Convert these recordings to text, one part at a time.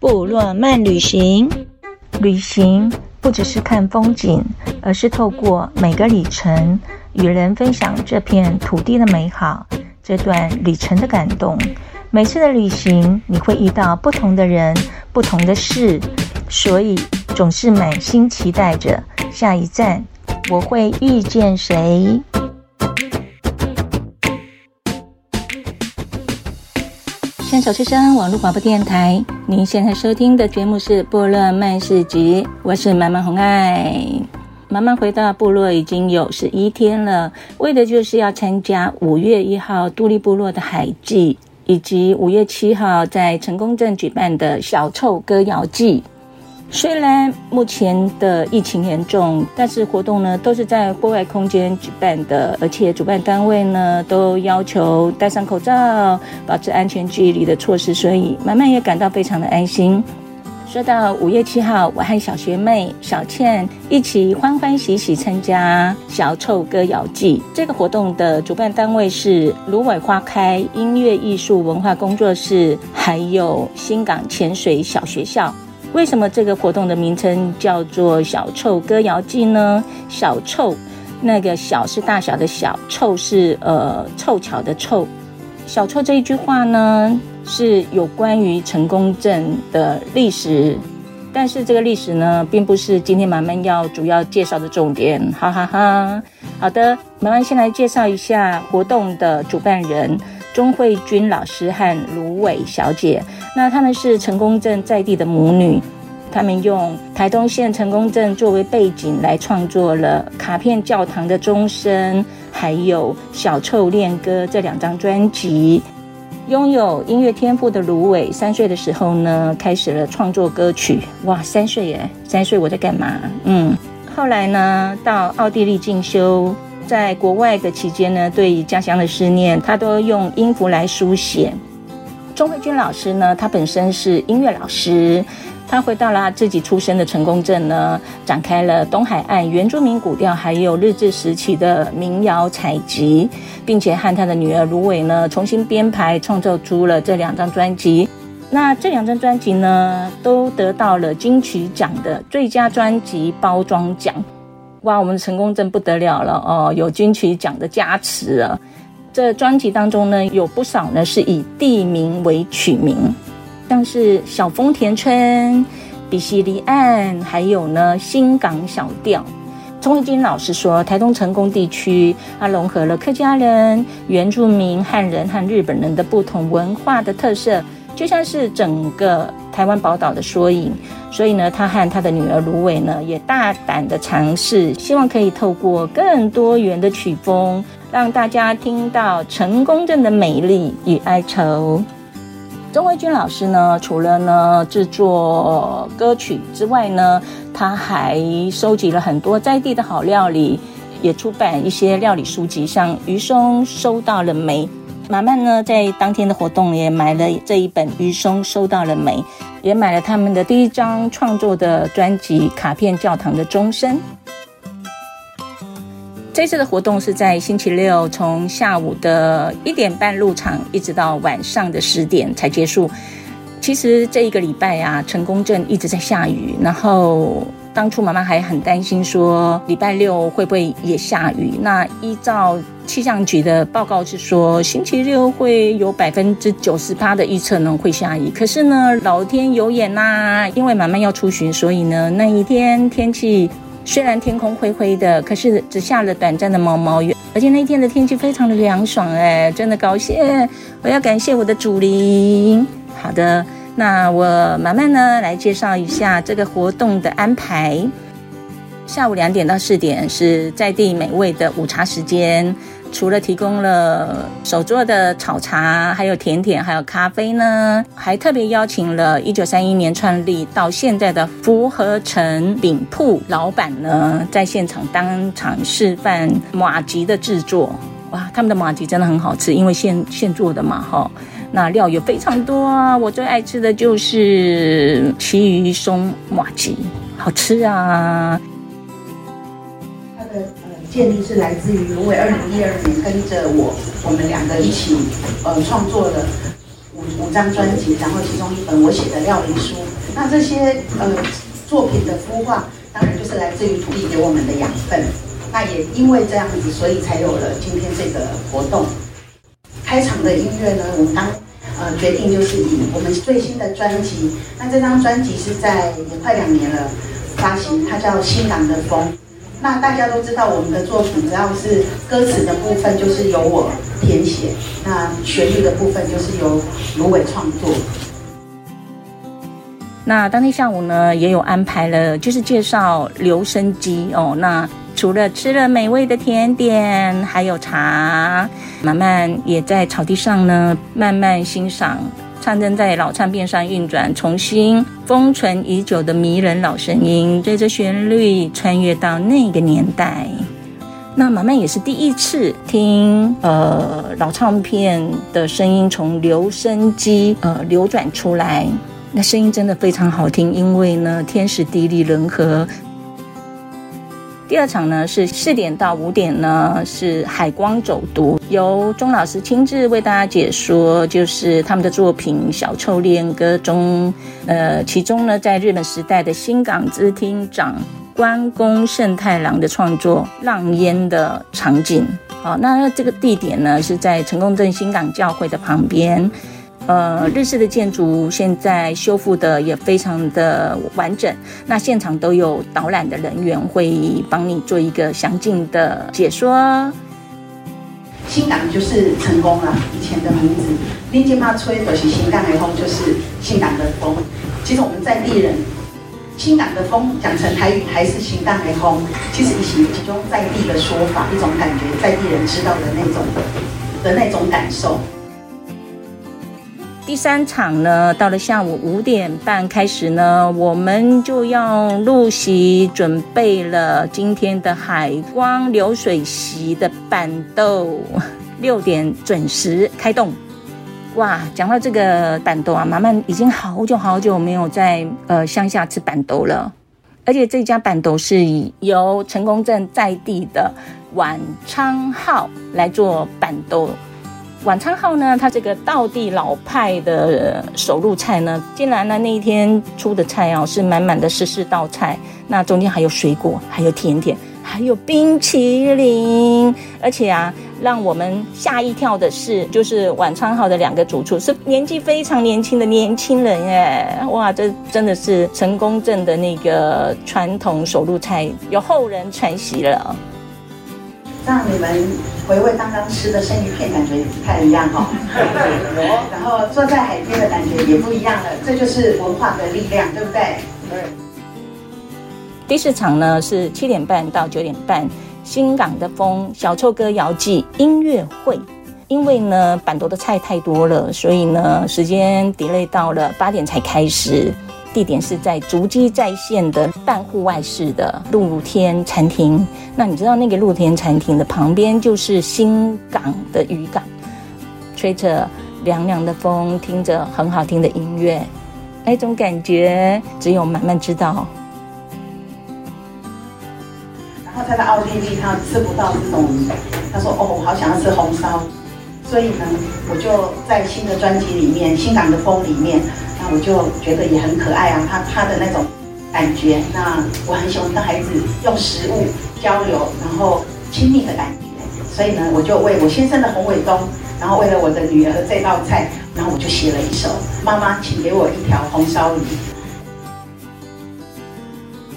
部落漫旅行，旅行不只是看風景，而是透過每個里程，與人分享這片土地的美好，這段旅程的感動。每次的旅行，你會遇到不同的人、不同的事，所以總是滿心期待着下一站我會遇見誰。牽手之聲，網絡廣播電台，您現在收聽的節目是《部落漫市集》，我是馬漫紅愛。馬漫回到部落已經有十一天了，為的就是要參加五月一號杜立部落的海祭。以及五月七號在成功鎮舉辦的小湊歌謠祭。雖然目前的疫情嚴重，但是活動呢都是在戶外空間舉辦的，而且主辦單位呢都要求戴上口罩、保持安全距離的措施，所以馬漫也感到非常的安心。說到五月七號，我和小學妹小倩一起歡歡喜喜參加“小湊歌謠祭”。這個活動的主辦單位是蘆葦花開音樂藝術文化工作室，還有新港潛水小學校。為什麼這個活動的名稱叫做“小湊歌謠祭”呢？“小湊”那個“小”是大小的“小”，“湊”是呃湊巧的“湊”。“小湊”這一句話呢？是有關於成功鎮的歷史，但是這個歷史呢，並不是今天馬漫要主要介紹的重點，哈哈哈,哈。好的，馬漫先來介紹一下活動的主辦人鍾惠君老師和蘆葦小姐。那他們是成功鎮在地的母女，他們用台東縣成功鎮作為背景來創作了《卡片教堂的鐘聲》還有《小湊戀歌》這兩張專輯。擁有音樂天賦的蘆葦，三歲的時候呢，開始了創作歌曲。哇，三歲耶！三歲我在幹嘛？嗯，後來呢，到奧地利進修，在國外的期間呢，對於家鄉的思念，他都用音符來書寫。鍾慧君老師呢，他本身是音樂老師。他回到了他自己出生的成功鎮呢，展開了東海岸原住民古調，還有日治時期的民謠採集，並且和他的女兒蘆葦呢，重新編排創作出了這兩張專輯。那這兩張專輯呢，都得到了金曲獎的最佳專輯包裝獎。哇，我們的成功鎮不得了了哦，有金曲獎的加持啊！這專輯當中呢，有不少呢是以地名為曲名。像是小豐田村、比西里岸，還有呢新港小調。鍾義金老師說，台東成功地區它融合了客家人、原住民、漢人和日本人的不同文化的特色，就像是整個台灣寶島的縮影。所以呢，他和他的女兒蘆葦呢，也大膽的嘗試，希望可以透過更多元的曲風，讓大家聽到成功鎮的美麗與哀愁。鍾慧君老師呢，除了呢製作歌曲之外呢，他還收集了很多在地的好料理，也出版一些料理書籍，像《魚鬆收到了沒》。馬漫呢，在當天的活動也買了這一本《魚鬆收到了沒》，也買了他們的第一張創作的專輯《卡片教堂的鐘聲》。這次的活動是在星期六，從下午的一點半入場，一直到晚上的十點才結束。其實這一個禮拜啊，成功鎮一直在下雨。然後當初馬漫還很擔心說，禮拜六會不會也下雨？那依照氣象局的報告是說，星期六會有百分之九十八的預測呢會下雨。可是呢，老天有眼吶、啊，因為馬漫要出巡，所以呢那一天天氣。雖然天空灰灰的，可是只下了短暫的毛毛雨，而且那一天的天氣非常的涼爽、欸，哎，真的高興，我要感謝我的祖靈。好的，那我慢慢呢來介紹一下這個活動的安排。下午兩點到四點是在地美味的午茶時間。除了提供了手做的炒茶，還有甜點，還有咖啡呢，還特別邀請了一九三一年創立到現在的福和成餅鋪老板呢，在現場當場示範麻糬的製作。哇，他們的麻糬真的很好吃，因為現現做的嘛，哈、哦。那料有非常多啊，我最愛吃的就是旗魚鬆麻糬，好吃啊。呃，建立是來自於蘆葦，二零一二年跟着我，我們兩個一起，呃，創作的五五張專輯，然後其中一本我寫的料理書。那這些呃作品的孵化，當然就是來自於土地給我們的養分。那也因為這樣子，所以才有了今天這個活動。開場的音樂呢，我們當呃決定就是以我們最新的專輯，那這張專輯是在也快兩年了發行，它叫《新港的風》。那大家都知道，我們的作品主要是歌詞的部分，就是由我填寫；那旋律的部分，就是由蘆葦創作。那當天下午呢，也有安排了，就是介紹留聲機哦。那除了吃了美味的甜點，還有茶，馬漫也在草地上呢，慢慢欣賞。唱針在老唱片上運轉，重新封存已久的迷人老聲音，隨着旋律穿越到那個年代。那馬漫也是第一次聽呃老唱片的聲音從留聲機呃流轉出來，那聲音真的非常好聽，因為呢天時地利人和。第二場呢是四點到五點呢，是海光走讀，由鍾老師親自為大家解說，就是他們的作品《小湊戀歌》中，呃，其中呢在日本時代的新港支廳長菅宮勝太郎的創作《浪煙》的場景。好，那這個地點呢是在成功鎮新港教會的旁邊。呃，日式的建築現在修復的也非常的完整。那現場都有導覽的人員會幫你做一個詳盡的解說。新港就是成功了，以前的名字。林金馬吹就是新港海風，就是新港的風。其實我們在地人，新港的風講成台語還是新港海風，其實一些其中在地的說法，一種感覺，在地人知道的那種的那種感受。第三場呢，到了下午五點半開始呢，我們就要入席準備了今天的海光流水席的板豆。六點準時開動。哇，講到這個板豆啊，馬漫已經好久好久沒有在呃鄉下吃板豆了，而且這家板豆是以由成功鎮在地的晚昌號來做板豆。晚餐後呢，他這個道地老派的手路菜呢，竟然呢那一天出的菜哦，是滿滿的十四道菜，那中間還有水果，還有甜點，還有冰淇淋，而且啊，讓我們嚇一跳的是，就是晚餐號的兩個主廚是年紀非常年輕的年輕人，哎，哇，這真的是成功鎮的那個傳統手路菜有後人傳襲了，那你們。回味剛剛吃的生魚片，感覺也不太一樣哦。然後坐在海邊的感覺也不一樣了，這就是文化的力量，對不對？對。第四場呢是七點半到九點半，新港的風小湊歌謠祭音樂會。因為呢板頭的菜太多了，所以呢時間 delay 到了八點才開始。地點是在竹雞在線的半戶外式的露天餐廳。那你知道那個露天餐廳的旁邊就是新港的漁港，吹着涼涼的風，聽着很好聽的音樂，那，哎，這種感覺只有慢慢知道。然後他在奧地利，他吃不到這種，他說：“哦，我好想要吃紅燒。”所以呢，我就在新的專輯裡面，《新港的風》裡面。我就覺得也很可愛啊，他他的那種感覺，那我很喜歡跟孩子用食物交流，然後親密的感覺。所以呢，我就為我先生的洪偉東，然後為了我的女兒的這道菜，然後我就寫了一首《媽媽，請給我一條紅燒魚》。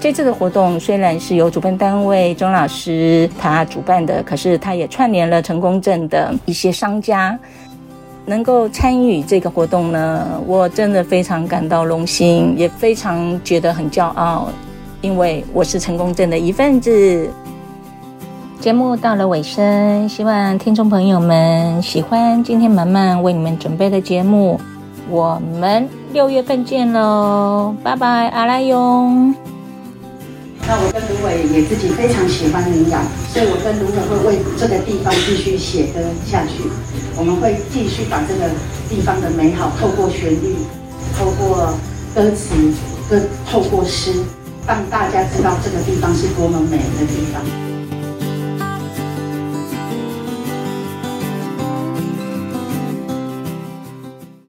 這次的活動雖然是由主辦單位鍾老師他主辦的，可是他也串聯了成功鎮的一些商家。能夠參與這個活動呢，我真的非常感到榮幸，也非常覺得很驕傲，因為我是成功鎮的一份子。節目到了尾聲，希望聽眾朋友們喜歡今天馬漫為你們準備的節目。我們六月份見嘍，拜拜阿拉唷。那我跟蘆葦也自己非常喜歡民謠，所以我跟蘆葦會為這個地方繼續寫歌下去。我們會繼續把這個地方的美好透過旋律，透過歌詞，跟透過詩，讓大家知道這個地方是多麼美的地方。